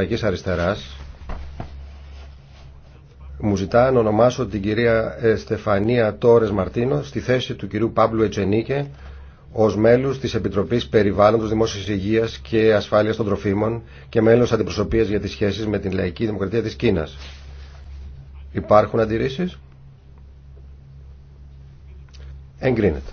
Ευρωπαϊκή Αριστεράς μου ζητά να ονομάσω την κυρία ε, Στεφανία Τόρε Μαρτίνο στη θέση του κυρίου Παύλου Ετσενίκε ω μέλους τη επιτροπή περιβάλλοντο Δημόσιας Υγείας και ασφάλεια των Τροφίμων και μέλο αντιπροσωπείας για τι σχέσει με την Λαϊκή Δημοκρατία τη Κίνα. Υπάρχουν αντιρρήσει. Εγκρίνεται.